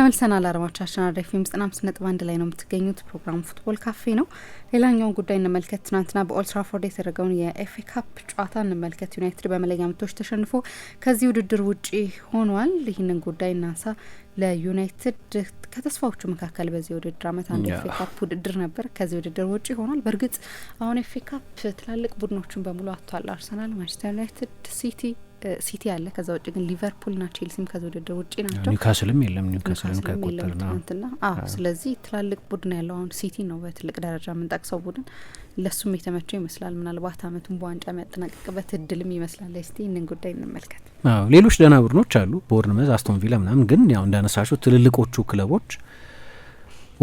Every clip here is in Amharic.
ተመልሰናል አድማጮቻችን አራዳ ኤፍ ኤም ዘጠና አምስት ነጥብ አንድ ላይ ነው የምትገኙት። ፕሮግራሙ ፉትቦል ካፌ ነው። ሌላኛውን ጉዳይ እንመልከት። ትናንትና በኦልትራፎርድ የተደረገውን የኤፍ ካፕ ጨዋታ እንመልከት። ዩናይትድ በመለያ ምቶች ተሸንፎ ከዚህ ውድድር ውጪ ሆኗል። ይህንን ጉዳይ እናንሳ። ለዩናይትድ ከተስፋዎቹ መካከል በዚህ ውድድር አመት አንድ ኤፍ ካፕ ውድድር ነበር፣ ከዚህ ውድድር ውጪ ሆኗል። በእርግጥ አሁን ኤፍ ካፕ ትላልቅ ቡድኖችን በሙሉ አጥቷል። አርሰናል፣ ማንቸስተር ዩናይትድ፣ ሲቲ ሲቲ አለ። ከዛ ውጭ ግን ሊቨርፑልና ቼልሲም ከዚ ውድድር ውጭ ናቸው። ኒውካስልም የለም። ኒውካስልም ከቆጠር ትናንትና። ስለዚህ ትላልቅ ቡድን ያለው አሁን ሲቲ ነው በትልቅ ደረጃ የምንጠቅሰው ቡድን። ለሱም የተመቸው ይመስላል። ምናልባት አመቱን በዋንጫ የሚያጠናቀቅበት እድልም ይመስላል። እስቲ እንን ጉዳይ እንመልከት። አዎ፣ ሌሎች ደህና ቡድኖች አሉ፣ ቦርንመዝ፣ አስቶን ቪላ ምናምን። ግን ያው እንዳነሳቸው ትልልቆቹ ክለቦች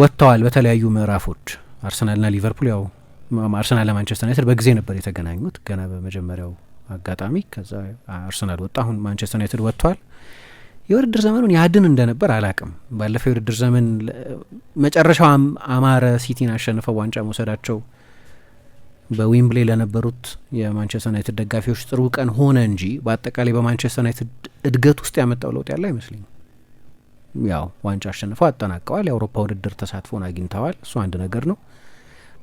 ወጥተዋል በተለያዩ ምዕራፎች። አርሰናልና ሊቨርፑል ያው አርሰናል ለማንቸስተር ዩናይትድ በጊዜ ነበር የተገናኙት ገና በመጀመሪያው አጋጣሚ ከዛ አርሰናል ወጣ። አሁን ማንቸስተር ዩናይትድ ወጥቷል። የውድድር ዘመኑን ያድን እንደነበር አላቅም። ባለፈው የውድድር ዘመን መጨረሻው አማረ ሲቲን አሸንፈው ዋንጫ መውሰዳቸው በዊምብሌ ለነበሩት የማንቸስተር ዩናይትድ ደጋፊዎች ጥሩ ቀን ሆነ እንጂ በአጠቃላይ በማንቸስተር ዩናይትድ እድገት ውስጥ ያመጣው ለውጥ ያለ አይመስልኝም። ያው ዋንጫ አሸንፈው አጠናቀዋል። የአውሮፓ ውድድር ተሳትፎን አግኝተዋል። እሱ አንድ ነገር ነው።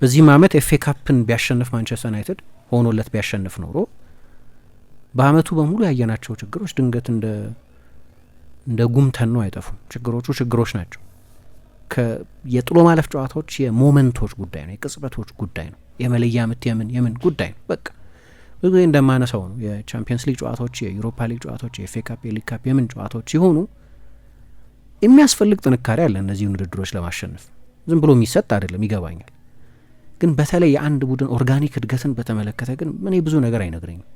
በዚህም አመት ኤፍ ኤ ካፕን ቢያሸንፍ ማንቸስተር ዩናይትድ ሆኖለት ቢያሸንፍ ኖሮ በአመቱ በሙሉ ያየናቸው ችግሮች ድንገት እንደ እንደ ጉምተን ነው አይጠፉም። ችግሮቹ ችግሮች ናቸው። የጥሎ ማለፍ ጨዋታዎች የሞመንቶች ጉዳይ ነው፣ የቅጽበቶች ጉዳይ ነው፣ የመለያ ምት የምን የምን ጉዳይ ነው። በቃ ብዙ ጊዜ እንደማነሳው ነው። የቻምፒየንስ ሊግ ጨዋታዎች፣ የዩሮፓ ሊግ ጨዋታዎች፣ የኤፍ ካፕ፣ የሊግ ካፕ የምን ጨዋታዎች ሲሆኑ የሚያስፈልግ ጥንካሬ አለ እነዚህን ውድድሮች ለማሸነፍ ዝም ብሎ የሚሰጥ አይደለም። ይገባኛል። ግን በተለይ የአንድ ቡድን ኦርጋኒክ እድገትን በተመለከተ ግን እኔ ብዙ ነገር አይነግረኝም።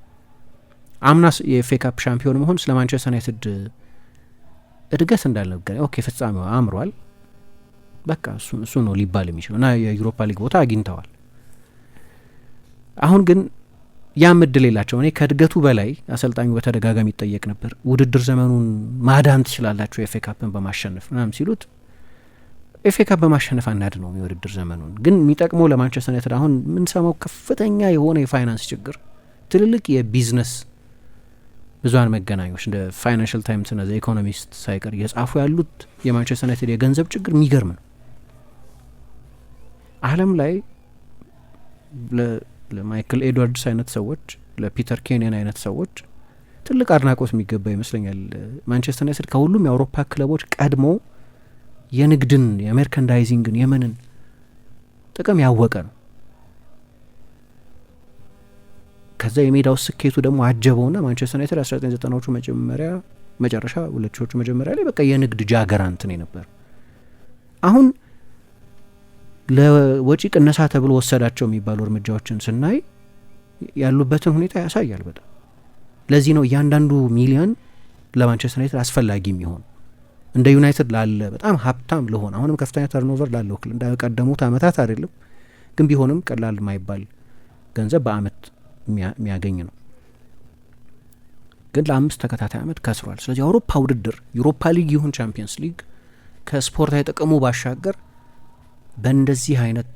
አምና ካፕ ሻምፒዮን መሆን ስለ ማንቸስተር ዩናይትድ እድገት እንዳልነገረ ኦኬ፣ ፍጻሜው አምሯል፣ በቃ እሱ ነው ሊባል የሚችለው እና የዩሮፓ ሊግ ቦታ አግኝተዋል። አሁን ግን ያም እድል የላቸው። እኔ ከእድገቱ በላይ አሰልጣኙ በተደጋጋሚ ይጠየቅ ነበር፣ ውድድር ዘመኑን ማዳን ትችላላቸው የኤፌ ካፕን በማሸነፍ ምናምን ሲሉት ኤፌ ካፕ በማሸነፍ አናድ ነው የውድድር ዘመኑን ግን የሚጠቅመው ለማንቸስተር ዩናይትድ አሁን የምንሰማው ከፍተኛ የሆነ የፋይናንስ ችግር፣ ትልልቅ የቢዝነስ ብዙሀን መገናኛዎች እንደ ፋይናንሽል ታይምስ ና ኢኮኖሚስት ሳይቀር እየጻፉ ያሉት የማንቸስተር ዩናይትድ የገንዘብ ችግር የሚገርም ነው። ዓለም ላይ ለማይክል ኤድዋርድስ አይነት ሰዎች፣ ለፒተር ኬንያን አይነት ሰዎች ትልቅ አድናቆት የሚገባ ይመስለኛል። ማንቸስተር ዩናይትድ ከሁሉም የአውሮፓ ክለቦች ቀድሞ የንግድን የሜርካንዳይዚንግን የምንን ጥቅም ያወቀ ነው። ከዛ የሜዳው ስኬቱ ደግሞ አጀበውና ማንቸስተር ዩናይትድ ዘጠኝ ዘጠናዎቹ መጀመሪያ መጨረሻ ሁለት ሺዎቹ መጀመሪያ ላይ በቃ የንግድ ጃገራንት ነው የነበር። አሁን ለወጪ ቅነሳ ተብሎ ወሰዳቸው የሚባሉ እርምጃዎችን ስናይ ያሉበትን ሁኔታ ያሳያል። በጣም ለዚህ ነው እያንዳንዱ ሚሊዮን ለማንቸስተር ዩናይትድ አስፈላጊ የሚሆን እንደ ዩናይትድ ላለ በጣም ሀብታም ለሆነ አሁንም ከፍተኛ ተርኖቨር ላለው ክል እንዳቀደሙት አመታት አይደለም ግን ቢሆንም ቀላል የማይባል ገንዘብ በአመት የሚያገኝ ነው። ግን ለአምስት ተከታታይ አመት ከስሯል። ስለዚህ አውሮፓ ውድድር ዩሮፓ ሊግ ይሁን ቻምፒየንስ ሊግ ከስፖርታዊ ጥቅሙ ባሻገር በእንደዚህ አይነት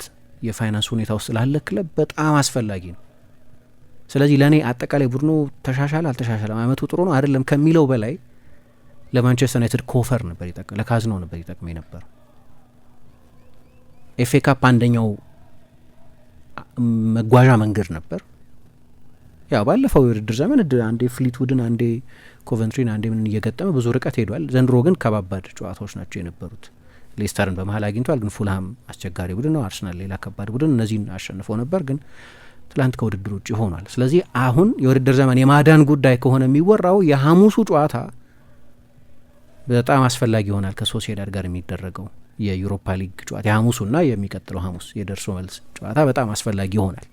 የፋይናንስ ሁኔታ ውስጥ ላለ ክለብ በጣም አስፈላጊ ነው። ስለዚህ ለእኔ አጠቃላይ ቡድኑ ተሻሻለ አልተሻሻለም፣ አመቱ ጥሩ ነው አይደለም ከሚለው በላይ ለማንቸስተር ዩናይትድ ኮፈር ነበር ይጠቅም ለካዝኖ ነበር ይጠቅም ነበር። ኤፍ ካፕ አንደኛው መጓዣ መንገድ ነበር። ያው ባለፈው የውድድር ዘመን አንዴ ፍሊትውድን አንዴ ኮቨንትሪን አንዴ ምን እየገጠመ ብዙ ርቀት ሄዷል። ዘንድሮ ግን ከባባድ ጨዋታዎች ናቸው የነበሩት። ሌስተርን በመሀል አግኝቷል፣ ግን ፉልሃም አስቸጋሪ ቡድን ነው። አርሰናል ሌላ ከባድ ቡድን፣ እነዚህን አሸንፈው ነበር፣ ግን ትላንት ከውድድር ውጭ ሆኗል። ስለዚህ አሁን የውድድር ዘመን የማዳን ጉዳይ ከሆነ የሚወራው የሐሙሱ ጨዋታ በጣም አስፈላጊ ይሆናል። ከሶሲዳድ ጋር የሚደረገው የዩሮፓ ሊግ ጨዋታ የሐሙሱና የሚቀጥለው ሐሙስ የደርሶ መልስ ጨዋታ በጣም አስፈላጊ ይሆናል።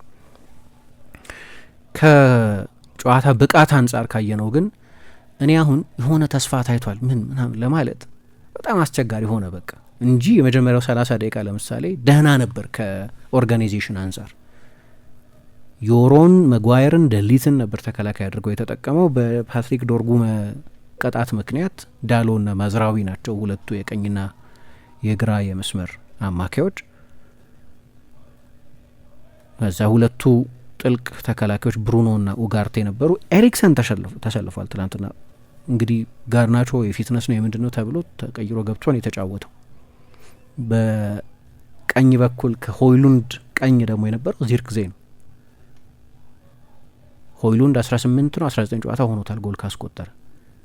ከጨዋታ ብቃት አንጻር ካየነው ግን እኔ አሁን የሆነ ተስፋ ታይቷል ምን ምናምን ለማለት በጣም አስቸጋሪ ሆነ በቃ እንጂ የመጀመሪያው 30 ደቂቃ ለምሳሌ ደህና ነበር ከኦርጋናይዜሽን አንጻር። ዮሮን መጓየርን፣ ደሊትን ነበር ተከላካይ አድርገው የተጠቀመው። በፓትሪክ ዶርጉ መቀጣት ምክንያት ዳሎና ማዝራዊ ናቸው ሁለቱ የቀኝና የግራ የመስመር አማካዮች። በዛ ሁለቱ ጥልቅ ተከላካዮች ና ኡጋርቴ ነበሩ። ኤሪክሰን ተሸልፏል ትናንትና። እንግዲህ ጋርናቾ የፊትነስ ነው የምንድን ነው ተብሎ ተቀይሮ ገብቶን የተጫወተው በቀኝ በኩል ከሆይሉንድ ቀኝ ደግሞ የነበረው ዚርክዜ ነው። ሆይሉንድ ስምንት ነው ዘጠኝ ጨዋታ ሆኖታል ጎል ካስቆጠረ።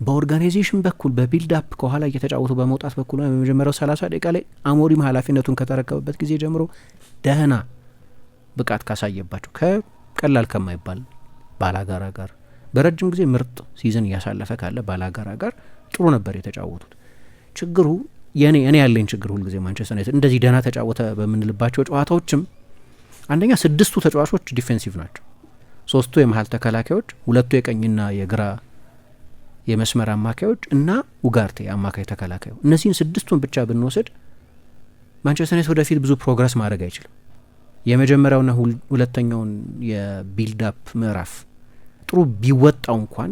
በኦርጋናይዜሽን በኩል በቢልድ አፕ ከኋላ እየተጫወቱ በመውጣት በኩል በመጀመሪያው ሰላሳ ደቂቃ ላይ አሞሪም ኃላፊነቱን ከተረከበበት ጊዜ ጀምሮ ደህና ብቃት ካሳየባቸው ቀላል ከማይባል ባላጋራ ጋር በረጅም ጊዜ ምርጥ ሲዝን እያሳለፈ ካለ ባላጋራ ጋር ጥሩ ነበር የተጫወቱት። ችግሩ የኔ እኔ ያለኝ ችግር ሁልጊዜ ማንቸስተር ዩናይትድ እንደዚህ ደህና ተጫወተ በምንልባቸው ጨዋታዎችም አንደኛ ስድስቱ ተጫዋቾች ዲፌንሲቭ ናቸው። ሶስቱ የመሀል ተከላካዮች፣ ሁለቱ የቀኝና የግራ የመስመር አማካዮች እና ኡጋርቴ አማካይ ተከላካዩ። እነዚህን ስድስቱን ብቻ ብንወስድ ማንቸስተር ዩናይትድ ወደፊት ብዙ ፕሮግረስ ማድረግ አይችልም። የመጀመሪያውና ሁለተኛውን የቢልዳፕ ምዕራፍ ጥሩ ቢወጣው እንኳን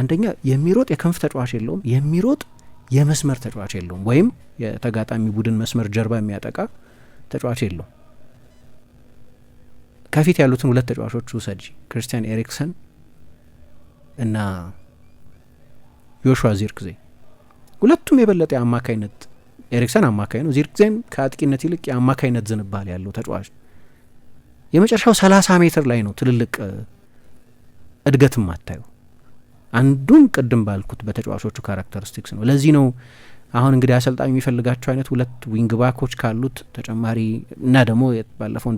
አንደኛ የሚሮጥ የክንፍ ተጫዋች የለውም፣ የሚሮጥ የመስመር ተጫዋች የለውም፣ ወይም የተጋጣሚ ቡድን መስመር ጀርባ የሚያጠቃ ተጫዋች የለውም። ከፊት ያሉትን ሁለት ተጫዋቾች ውሰጂ፣ ክርስቲያን ኤሪክሰን እና ዮሹዋ ዚርክዜ፣ ሁለቱም የበለጠ የአማካይነት ኤሪክሰን አማካኝ ነው። ዚርክዜም ከአጥቂነት ይልቅ የአማካኝነት ዝንባል ያለው ተጫዋች የመጨረሻው 30 ሜትር ላይ ነው ትልልቅ እድገትም አታዩ። አንዱም ቅድም ባልኩት በተጫዋቾቹ ካራክተሪስቲክስ ነው። ለዚህ ነው አሁን እንግዲህ አሰልጣኙ የሚፈልጋቸው አይነት ሁለት ዊንግ ባኮች ካሉት ተጨማሪ እና ደግሞ ባለፈው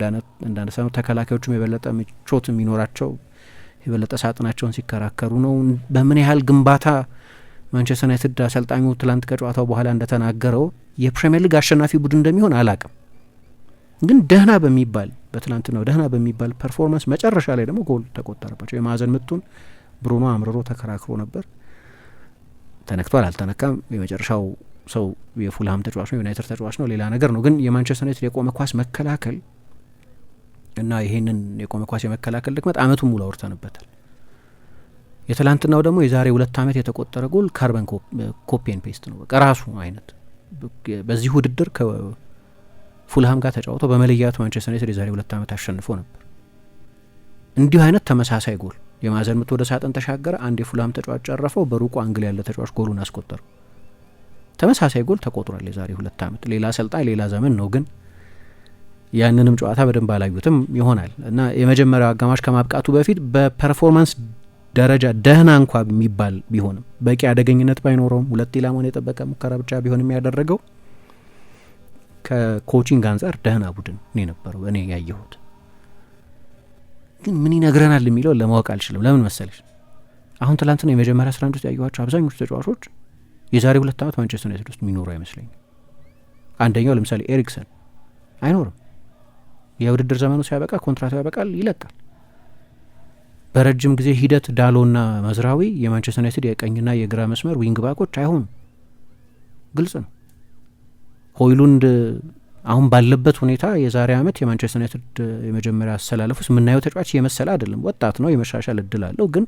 ነው ተከላካዮቹም የበለጠ ምቾት የሚኖራቸው የበለጠ ሳጥናቸውን ሲከራከሩ ነው። በምን ያህል ግንባታ ማንቸስተር ዩናይትድ አሰልጣኙ ትላንት ከጨዋታው በኋላ እንደተናገረው የፕሪምየር ሊግ አሸናፊ ቡድን እንደሚሆን አላቅም፣ ግን ደህና በሚባል በትላንትናው ደህና በሚባል ፐርፎርማንስ መጨረሻ ላይ ደግሞ ጎል ተቆጠረባቸው። የማዕዘን ምቱን ብሩኖ አምርሮ ተከራክሮ ነበር። ተነክቷል አልተነካም፣ የመጨረሻው ሰው የፉልሃም ተጫዋች ነው፣ የዩናይትድ ተጫዋች ነው፣ ሌላ ነገር ነው። ግን የማንቸስተር ዩናይትድ የቆመ ኳስ መከላከል እና ይህንን የቆመ ኳስ የመከላከል ድክመት አመቱን ሙሉ አውርተንበታል። የትላንትናው ደግሞ የዛሬ ሁለት ዓመት የተቆጠረ ጎል ካርበን ኮፒን ፔስት ነው። በቃ ራሱ አይነት በዚህ ውድድር ከፉልሃም ጋር ተጫውቶ በመለያቱ ማንቸስተር ዩናይትድ የዛሬ ሁለት ዓመት አሸንፎ ነበር። እንዲሁ አይነት ተመሳሳይ ጎል የማዕዘን ምት ወደ ሳጥን ተሻገረ። አንድ የፉልሃም ተጫዋች ጨረፈው፣ በሩቁ አንግል ያለ ተጫዋች ጎሉን አስቆጠረው። ተመሳሳይ ጎል ተቆጥሯል የዛሬ ሁለት ዓመት። ሌላ አሰልጣኝ ሌላ ዘመን ነው ግን ያንንም ጨዋታ በደንብ አላዩትም ይሆናል እና የመጀመሪያው አጋማሽ ከማብቃቱ በፊት በፐርፎርማንስ ደረጃ ደህና እንኳ የሚባል ቢሆንም በቂ አደገኝነት ባይኖረውም ሁለት ኢላማውን የጠበቀ ሙከራ ብቻ ቢሆንም ያደረገው ከኮቺንግ አንጻር ደህና ቡድን ነው የነበረው። እኔ ያየሁት ግን ምን ይነግረናል የሚለው ለማወቅ አልችልም። ለምን መሰለች አሁን ትላንት ነው የመጀመሪያ አስራ አንድ ውስጥ ያየኋቸው አብዛኞቹ ተጫዋቾች የዛሬ ሁለት ዓመት ማንቸስተር ዩናይትድ ውስጥ የሚኖሩ አይመስለኝ። አንደኛው ለምሳሌ ኤሪክሰን አይኖርም። የውድድር ዘመኑ ሲያበቃ ኮንትራቱ ያበቃል፣ ይለቃል። በረጅም ጊዜ ሂደት ዳሎና መዝራዊ የማንቸስተር ዩናይትድ የቀኝና የግራ መስመር ዊንግ ባኮች አይሆኑ፣ ግልጽ ነው። ሆይሉንድ አሁን ባለበት ሁኔታ የዛሬ ዓመት የማንቸስተር ዩናይትድ የመጀመሪያ አሰላለፍ ውስጥ የምናየው ተጫዋች የመሰለ አይደለም። ወጣት ነው፣ የመሻሻል እድል አለው። ግን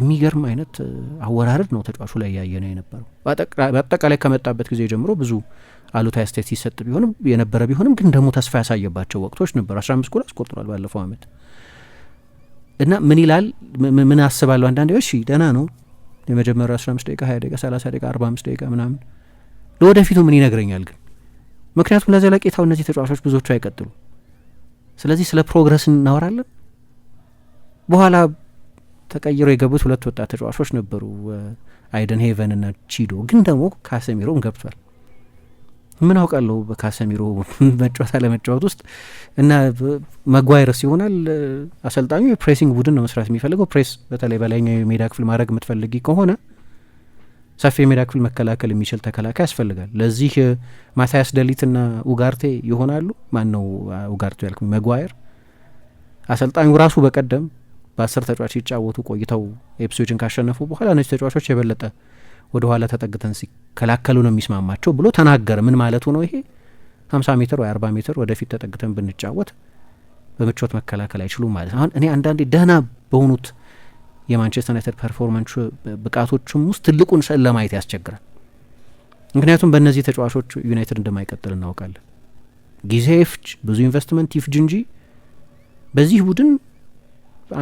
የሚገርም አይነት አወራረድ ነው ተጫዋቹ ላይ ያየነ ነው የነበረው። በአጠቃላይ ከመጣበት ጊዜ ጀምሮ ብዙ አሉታዊ አስተያየት ሲሰጥ ቢሆንም የነበረ ቢሆንም ግን ደግሞ ተስፋ ያሳየባቸው ወቅቶች ነበሩ። አስራ አምስት ጎል አስቆጥሯል ባለፈው ዓመት እና ምን ይላል ምን አስባለሁ አንዳንዴ እሺ ደህና ነው የመጀመሪያው 1 አምስት ደቂቃ ሀያ ደቂቃ ሰላሳ ደቂቃ አርባ አምስት ደቂቃ ምናምን ለወደፊቱ ምን ይነግረኛል ግን ምክንያቱም ለዘለቄታው እነዚህ ተጫዋቾች ብዙዎቹ አይቀጥሉ ስለዚህ ስለ ፕሮግረስ እናወራለን በኋላ ተቀይሮ የገቡት ሁለት ወጣት ተጫዋቾች ነበሩ አይደን ሄቨን እና ቺዶ ግን ደግሞ ካሴሚሮም ገብቷል ምን አውቃለሁ በካሰሚሮ መጫወት አለመጫወት ውስጥ እና መጓይረስ ይሆናል። አሰልጣኙ የፕሬሲንግ ቡድን ነው መስራት የሚፈልገው። ፕሬስ በተለይ በላይኛው የሜዳ ክፍል ማድረግ የምትፈልጊ ከሆነ ሰፊ የሜዳ ክፍል መከላከል የሚችል ተከላካይ ያስፈልጋል። ለዚህ ማታያስ ደሊትና ኡጋርቴ ይሆናሉ። ማን ነው ኡጋርቴ ያልኩ መጓየር። አሰልጣኙ ራሱ በቀደም በአስር ተጫዋች ሲጫወቱ ቆይተው ኤፕሶችን ካሸነፉ በኋላ እነዚህ ተጫዋቾች የበለጠ ወደ ኋላ ተጠግተን ሲከላከሉ ነው የሚስማማቸው ብሎ ተናገረ። ምን ማለቱ ነው ይሄ? ሀምሳ ሜትር ወይ አርባ ሜትር ወደፊት ተጠግተን ብንጫወት በምቾት መከላከል አይችሉም ማለት ነው። አሁን እኔ አንዳንዴ ደህና በሆኑት የማንቸስተር ዩናይትድ ፐርፎርማንስ ብቃቶችም ውስጥ ትልቁን ስዕል ለማየት ያስቸግራል። ምክንያቱም በእነዚህ ተጫዋቾች ዩናይትድ እንደማይቀጥል እናውቃለን። ጊዜ ይፍጅ፣ ብዙ ኢንቨስትመንት ይፍጅ እንጂ በዚህ ቡድን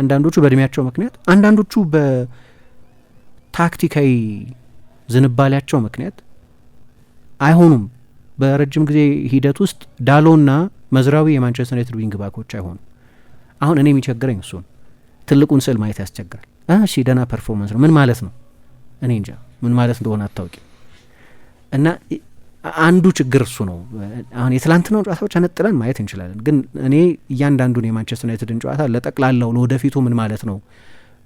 አንዳንዶቹ በእድሜያቸው ምክንያት፣ አንዳንዶቹ በታክቲካዊ ዝንባሌያቸው ምክንያት አይሆኑም። በረጅም ጊዜ ሂደት ውስጥ ዳሎና መዝራዊ የማንቸስተር ዩናይትድ ዊንግ ባኮች አይሆኑ። አሁን እኔ የሚቸግረኝ እሱን ትልቁን ስዕል ማየት ያስቸግራል። እሺ ደህና ፐርፎርማንስ ነው ምን ማለት ነው? እኔ እንጃ ምን ማለት እንደሆነ አታውቂ እና አንዱ ችግር እሱ ነው። አሁን የትላንትናው ጨዋታዎች አነጥለን ማየት እንችላለን፣ ግን እኔ እያንዳንዱን የማንቸስተር ዩናይትድን ጨዋታ ለጠቅላላው ለወደፊቱ ምን ማለት ነው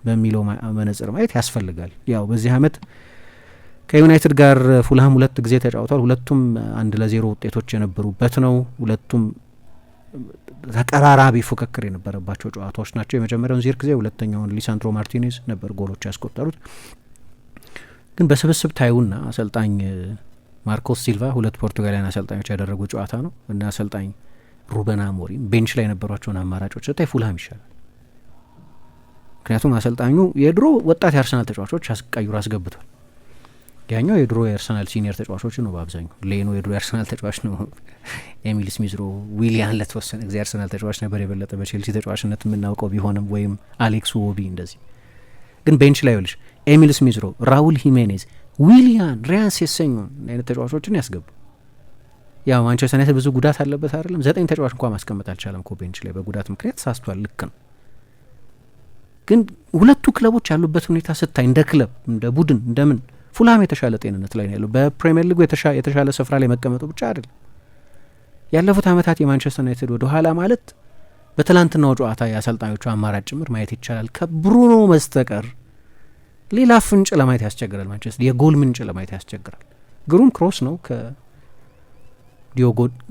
በሚለው መነጽር ማየት ያስፈልጋል። ያው በዚህ አመት ከዩናይትድ ጋር ፉልሃም ሁለት ጊዜ ተጫውቷል። ሁለቱም አንድ ለዜሮ ውጤቶች የነበሩበት ነው። ሁለቱም ተቀራራቢ ፉክክር የነበረባቸው ጨዋታዎች ናቸው። የመጀመሪያውን ዚር ጊዜ፣ ሁለተኛውን ሊሳንድሮ ማርቲኔዝ ነበር ጎሎች ያስቆጠሩት። ግን በስብስብ ታዩና አሰልጣኝ ማርኮስ ሲልቫ ሁለት ፖርቱጋሊያን አሰልጣኞች ያደረጉ ጨዋታ ነው እና አሰልጣኝ ሩበን አሞሪም ቤንች ላይ የነበሯቸውን አማራጮች ስታይ ፉልሃም ይሻላል። ምክንያቱም አሰልጣኙ የድሮ ወጣት የአርሰናል ተጫዋቾች ቀይሮ አስገብቷል። ያኛው የድሮ የአርሰናል ሲኒየር ተጫዋቾች ነው። በአብዛኛው ሌኖ የድሮ የአርሰናል ተጫዋች ነው። ኤሚል ስሚዝሮ፣ ዊሊያን ለተወሰነ ጊዜ አርሰናል ተጫዋች ነበር፣ የበለጠ በቼልሲ ተጫዋችነት የምናውቀው ቢሆንም ወይም አሌክስ ዎቢ እንደዚህ። ግን ቤንች ላይ ይኸውልሽ ኤሚል ስሚዝሮ፣ ራውል ሂሜኔዝ፣ ዊሊያን ሪያንስ የሰኙ አይነት ተጫዋቾችን ያስገቡ። ያው ማንቸስተር ዩናይትድ ብዙ ጉዳት አለበት አይደለም፣ ዘጠኝ ተጫዋች እንኳ ማስቀመጥ አልቻለም ኮ ቤንች ላይ በጉዳት ምክንያት ሳስቷል። ልክ ነው ግን ሁለቱ ክለቦች ያሉበት ሁኔታ ስታይ እንደ ክለብ እንደ ቡድን እንደምን ፉላም የተሻለ ጤንነት ላይ ነው ያለው። በፕሪምየር ሊጉ የተሻለ ስፍራ ላይ መቀመጡ ብቻ አይደለም። ያለፉት ዓመታት የማንቸስተር ዩናይትድ ወደ ኋላ ማለት በትላንትናው ጨዋታ የአሰልጣኞቹ አማራጭ ጭምር ማየት ይቻላል። ከብሩኖ በስተቀር ሌላ ፍንጭ ለማየት ያስቸግራል። ማንቸስተር የጎል ምንጭ ለማየት ያስቸግራል። ግሩም ክሮስ ነው ከዲዮጎ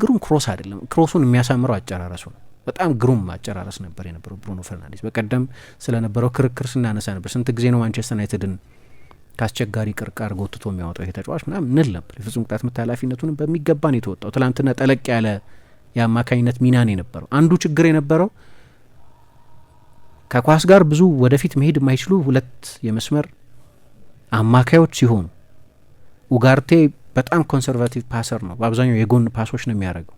ግሩም ክሮስ አይደለም። ክሮሱን የሚያሳምረው አጨራረሱ ነው። በጣም ግሩም አጨራረስ ነበር የነበረው ብሩኖ ፈርናንዴስ። በቀደም ስለነበረው ክርክር ስናነሳ ነበር። ስንት ጊዜ ነው ማንቸስተር ዩናይትድን ከአስቸጋሪ ቅርቃር ጎትቶ የሚያወጣው ይሄ ተጫዋች ምናምን እንል ነበር። የፍጹም ቅጣት ምት በሚገባ ነው የተወጣው ትላንትና ጠለቅ ያለ የአማካኝነት ነው የነበረው አንዱ ችግር የነበረው ከኳስ ጋር ብዙ ወደፊት መሄድ የማይችሉ ሁለት የመስመር አማካዮች ሲሆኑ ኡጋርቴ በጣም ኮንሰርቫቲቭ ፓሰር ነው። በአብዛኛው የጎን ፓሶች ነው የሚያደርገው።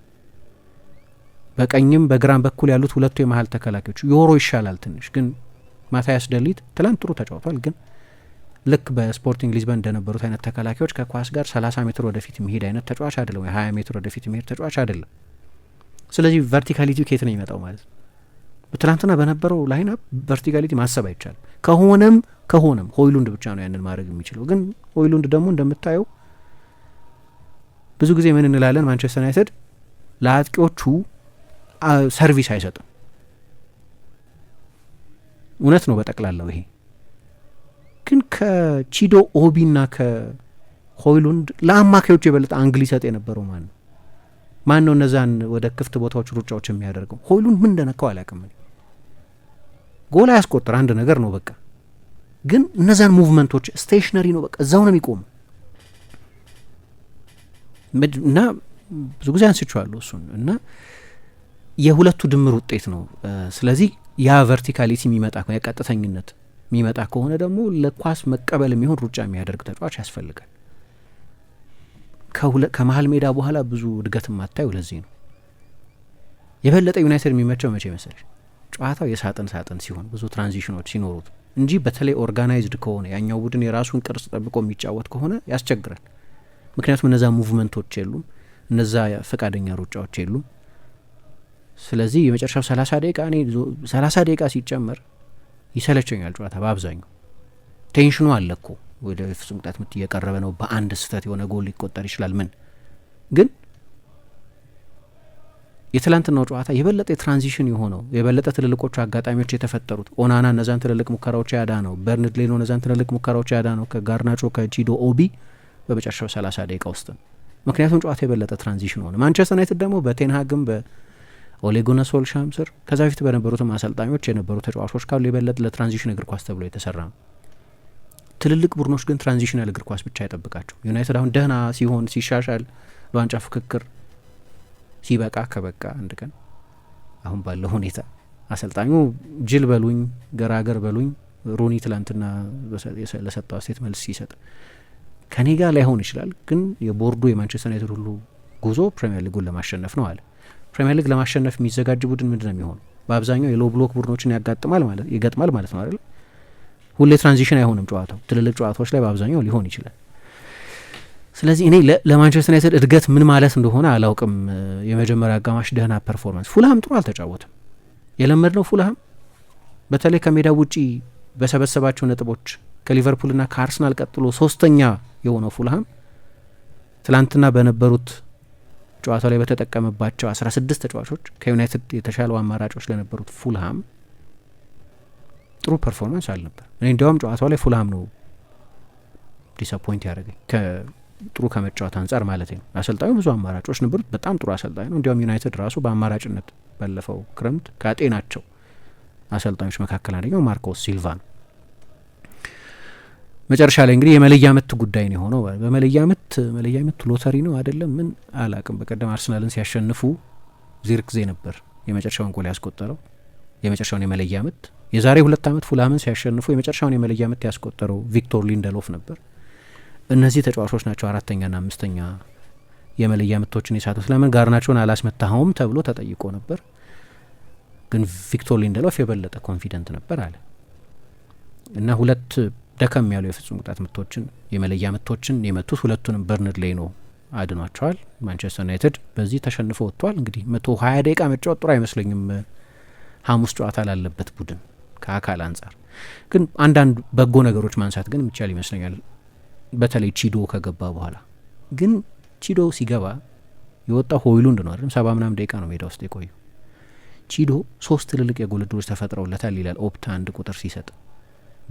በቀኝም በግራም በኩል ያሉት ሁለቱ የመሀል ተከላካዮች ዮሮ ይሻላል ትንሽ ግን ማታያስ ደሊት ትላንት ጥሩ ተጫውቷል ግን ልክ በስፖርቲንግ ሊዝበን እንደነበሩት አይነት ተከላካዮች ከኳስ ጋር 30 ሜትር ወደፊት የሚሄድ አይነት ተጫዋች አይደለም፣ ወይ 20 ሜትር ወደፊት የሚሄድ ተጫዋች አይደለም። ስለዚህ ቨርቲካሊቲው ኬት ነው የሚመጣው ማለት ነው። ትናንትና በነበረው ላይና ቨርቲካሊቲ ማሰብ አይቻልም። ከሆነም ከሆነም ሆይሉንድ ብቻ ነው ያንን ማድረግ የሚችለው። ግን ሆይሉንድ ደግሞ እንደምታየው ብዙ ጊዜ ምን እንላለን ማንቸስተር ዩናይትድ ለአጥቂዎቹ ሰርቪስ አይሰጥም። እውነት ነው በጠቅላላው ይሄ ግን ከቺዶ ና ከሆይሉንድ ለአማካዮቹ የበለጠ አንግል ይሰጥ የነበረው ማን ነው? ማን ነው እነዛን ወደ ክፍት ቦታዎች ሩጫዎች የሚያደርገው? ሆይሉንድ ምን እንደነካው አላቅም ጎል አያስቆጥር አንድ ነገር ነው በቃ። ግን እነዛን ሙቭመንቶች ስቴሽነሪ ነው በቃ እዛው ነው የሚቆሙ እና ብዙ ጊዜ አንስቼዋለሁ እሱን እና የሁለቱ ድምር ውጤት ነው። ስለዚህ ያ ቨርቲካሊቲ የሚመጣ ከሆነ የቀጥተኝነት የሚመጣ ከሆነ ደግሞ ለኳስ መቀበል የሚሆን ሩጫ የሚያደርግ ተጫዋች ያስፈልጋል። ከመሀል ሜዳ በኋላ ብዙ እድገት ማታዩ ለዚህ ነው። የበለጠ ዩናይትድ የሚመቸው መቼ መሰለሽ ጨዋታው የሳጥን ሳጥን ሲሆን ብዙ ትራንዚሽኖች ሲኖሩት እንጂ በተለይ ኦርጋናይዝድ ከሆነ ያኛው ቡድን የራሱን ቅርጽ ጠብቆ የሚጫወት ከሆነ ያስቸግራል። ምክንያቱም እነዛ ሙቭመንቶች የሉም፣ እነዛ ፈቃደኛ ሩጫዎች የሉም። ስለዚህ የመጨረሻው ሰላሳ ደቂቃ እኔ ሰላሳ ደቂቃ ሲጨመር ይሰለቸኛል ጨዋታ በአብዛኛው ቴንሽኑ አለ እኮ ወደ ፍጹም ቅጣት ምት እየቀረበ ነው። በአንድ ስህተት የሆነ ጎል ሊቆጠር ይችላል። ምን ግን የትላንትናው ጨዋታ የበለጠ የትራንዚሽን የሆነው የበለጠ ትልልቆቹ አጋጣሚዎች የተፈጠሩት ኦናና እነዛን ትልልቅ ሙከራዎች ያዳ ነው። በርንድ ሌኖ እነዛን ትልልቅ ሙከራዎች ያዳ ነው። ከጋርናቾ ከቺዶ ኦቢ በመጨረሻው 30 ደቂቃ ውስጥ ምክንያቱም ጨዋታ የበለጠ ትራንዚሽን ሆነ። ማንቸስተር ዩናይትድ ደግሞ በቴንሃግም ኦሌጎነ ሶልሻም ስር ከዛ በፊት በነበሩትም አሰልጣኞች የነበሩ ተጫዋቾች ካሉ የበለጥ ለትራንዚሽን እግር ኳስ ተብሎ የተሰራ ነው። ትልልቅ ቡድኖች ግን ትራንዚሽናል እግር ኳስ ብቻ አይጠብቃቸው። ዩናይትድ አሁን ደህና ሲሆን ሲሻሻል፣ ለዋንጫ ፍክክር ሲበቃ ከበቃ አንድ ቀን አሁን ባለው ሁኔታ አሰልጣኙ ጅል በሉኝ ገራገር በሉኝ ሩኒ ትላንትና ለሰጠው አስተያየት መልስ ሲሰጥ ከኔ ጋር ላይሆን ይችላል፣ ግን የቦርዱ የማንቸስተር ዩናይትድ ሁሉ ጉዞ ፕሪምየር ሊጉን ለማሸነፍ ነው አለ። ፕሪሚየር ሊግ ለማሸነፍ የሚዘጋጅ ቡድን ምንድን ነው የሚሆኑ? በአብዛኛው የሎ ብሎክ ቡድኖችን ያጋጥማል ማለት ይገጥማል ማለት ነው አይደል? ሁሌ ትራንዚሽን አይሆንም ጨዋታው። ትልልቅ ጨዋታዎች ላይ በአብዛኛው ሊሆን ይችላል። ስለዚህ እኔ ለማንቸስተር ዩናይትድ እድገት ምን ማለት እንደሆነ አላውቅም። የመጀመሪያ አጋማሽ ደህና ፐርፎርማንስ፣ ፉልሃም ጥሩ አልተጫወትም። የለመድ ነው ፉልሃም በተለይ ከሜዳ ውጪ በሰበሰባቸው ነጥቦች ከሊቨርፑልና ከአርሰናል ቀጥሎ ሶስተኛ የሆነው ፉልሃም ትላንትና በነበሩት ጨዋታው ላይ በተጠቀመባቸው አስራ ስድስት ተጫዋቾች ከዩናይትድ የተሻሉ አማራጮች ለነበሩት ፉልሃም ጥሩ ፐርፎርማንስ አልነበር። እኔ እንዲያውም ጨዋታው ላይ ፉልሃም ነው ዲስአፖይንት ያደረገኝ ጥሩ ከመጫወት አንጻር ማለት ነው። አሰልጣኙ ብዙ አማራጮች ነበሩት። በጣም ጥሩ አሰልጣኝ ነው። እንዲያውም ዩናይትድ ራሱ በአማራጭነት ባለፈው ክረምት ካጤናቸው አሰልጣኞች መካከል አንደኛው ማርኮስ ሲልቫ ነው። መጨረሻ ላይ እንግዲህ የመለያ ምት ጉዳይ ነው የሆነው። በመለያ ምት መለያ ምት ሎተሪ ነው አይደለም ምን አላቅም። በቀደም አርሰናልን ሲያሸንፉ ዚርክዜ ነበር የመጨረሻውን ጎል ያስቆጠረው የመጨረሻውን የመለያ ምት። የዛሬ ሁለት ዓመት ፉላምን ሲያሸንፉ የመጨረሻውን የመለያ ምት ያስቆጠረው ቪክቶር ሊንደሎፍ ነበር። እነዚህ ተጫዋቾች ናቸው አራተኛና አምስተኛ የመለያ ምቶችን የሳቱት። ለምን ጋርናቸውን አላስመታኸውም ተብሎ ተጠይቆ ነበር። ግን ቪክቶር ሊንደሎፍ የበለጠ ኮንፊደንት ነበር አለ እና ሁለት ደከም ያሉ የፍጹም ቅጣት ምቶችን የመለያ ምቶችን የመቱት ሁለቱንም በርንሌይ ነው አድኗቸዋል። ማንቸስተር ዩናይትድ በዚህ ተሸንፎ ወጥቷል። እንግዲህ መቶ ሀያ ደቂቃ መጫወት ጥሩ አይመስለኝም ሐሙስ ጨዋታ ላለበት ቡድን ከአካል አንጻር ግን አንዳንድ በጎ ነገሮች ማንሳት ግን የሚቻል ይመስለኛል። በተለይ ቺዶ ከገባ በኋላ ግን ቺዶ ሲገባ የወጣው ሆይሉ ነው ሰባ ምናም ደቂቃ ነው ሜዳ ውስጥ የቆዩ ቺዶ ሶስት ትልልቅ የጎል እድሎች ተፈጥረውለታል ይላል ኦፕታ አንድ ቁጥር ሲሰጥ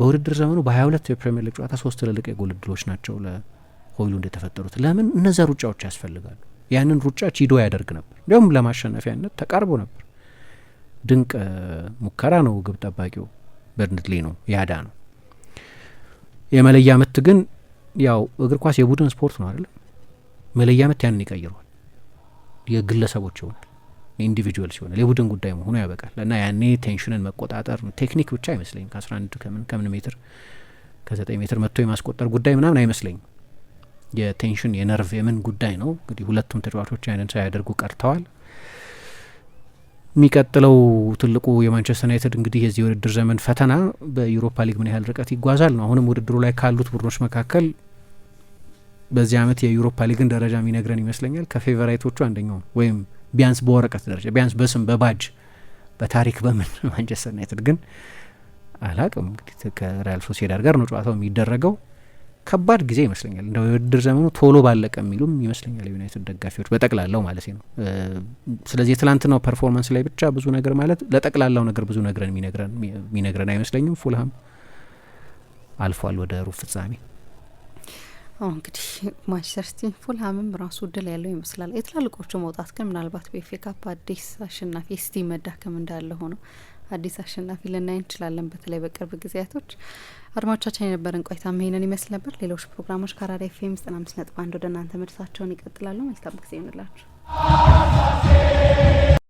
በውድድር ዘመኑ በ22 የፕሪምየር ሊግ ጨዋታ ሶስት ትልልቅ የጎል እድሎች ናቸው ለሆይሉ የተፈጠሩት። ለምን እነዚ ሩጫዎች ያስፈልጋሉ። ያንን ሩጫ ቺዶ ያደርግ ነበር። እንዲሁም ለማሸነፊያነት ተቃርቦ ነበር። ድንቅ ሙከራ ነው። ግብ ጠባቂው በርንድሊ ነው ያዳ ነው የመለያ ምት ግን ያው እግር ኳስ የቡድን ስፖርት ነው አይደለም። መለያ ምት ያንን ይቀይረዋል፣ የግለሰቦች ይሆናል። ኢንዲቪጁዋል ሲሆን የቡድን ጉዳይ መሆኑ ያበቃል እና ያኔ ቴንሽንን መቆጣጠር ቴክኒክ ብቻ አይመስለኝም። ከአስራ አንድ ከምን ከምን ሜትር ከዘጠኝ ሜትር መጥቶ የማስቆጠር ጉዳይ ምናምን አይመስለኝም። የቴንሽን የነርቭ የምን ጉዳይ ነው። እንግዲህ ሁለቱም ተጫዋቾች ያንን ሳያደርጉ ቀርተዋል። የሚቀጥለው ትልቁ የማንቸስተር ዩናይትድ እንግዲህ የዚህ የውድድር ዘመን ፈተና በዩሮፓ ሊግ ምን ያህል ርቀት ይጓዛል ነው። አሁንም ውድድሩ ላይ ካሉት ቡድኖች መካከል በዚህ አመት የዩሮፓ ሊግን ደረጃ የሚነግረን ይመስለኛል። ከፌቨራይቶቹ አንደኛው ወይም ቢያንስ በወረቀት ደረጃ ቢያንስ በስም በባጅ በታሪክ በምን ማንቸስተር ዩናይትድ ግን አላቅም። እንግዲህ ከሪያል ሶሲዳድ ጋር ነው ጨዋታው የሚደረገው። ከባድ ጊዜ ይመስለኛል። እንደ ውድድር ዘመኑ ቶሎ ባለቀ የሚሉም ይመስለኛል ዩናይትድ ደጋፊዎች በጠቅላላው ማለት ነው። ስለዚህ የትላንትናው ፐርፎርማንስ ላይ ብቻ ብዙ ነገር ማለት ለጠቅላላው ነገር ብዙ ነግረን የሚነግረን አይመስለኝም። ፉልሃም አልፏል ወደ ሩብ ፍጻሜ። አሁን እንግዲህ ማንቸስተር ሲቲ ፉልሃምም ራሱ እድል ያለው ይመስላል። የትላልቆቹ መውጣት ግን ምናልባት በኤፌ ካፕ አዲስ አሸናፊ ሲቲ መዳከም እንዳለ ሆኖ አዲስ አሸናፊ ልናይ እንችላለን፣ በተለይ በቅርብ ጊዜያቶች። አድማጮቻችን የነበረን ቆይታ መሄንን ይመስል ነበር። ሌሎች ፕሮግራሞች ከአራዳ ኤፍ ኤም ዘጠና አምስት ነጥብ አንድ ወደ እናንተ መድረሳቸውን ይቀጥላሉ። መልካም ጊዜ ይሆንላችሁ።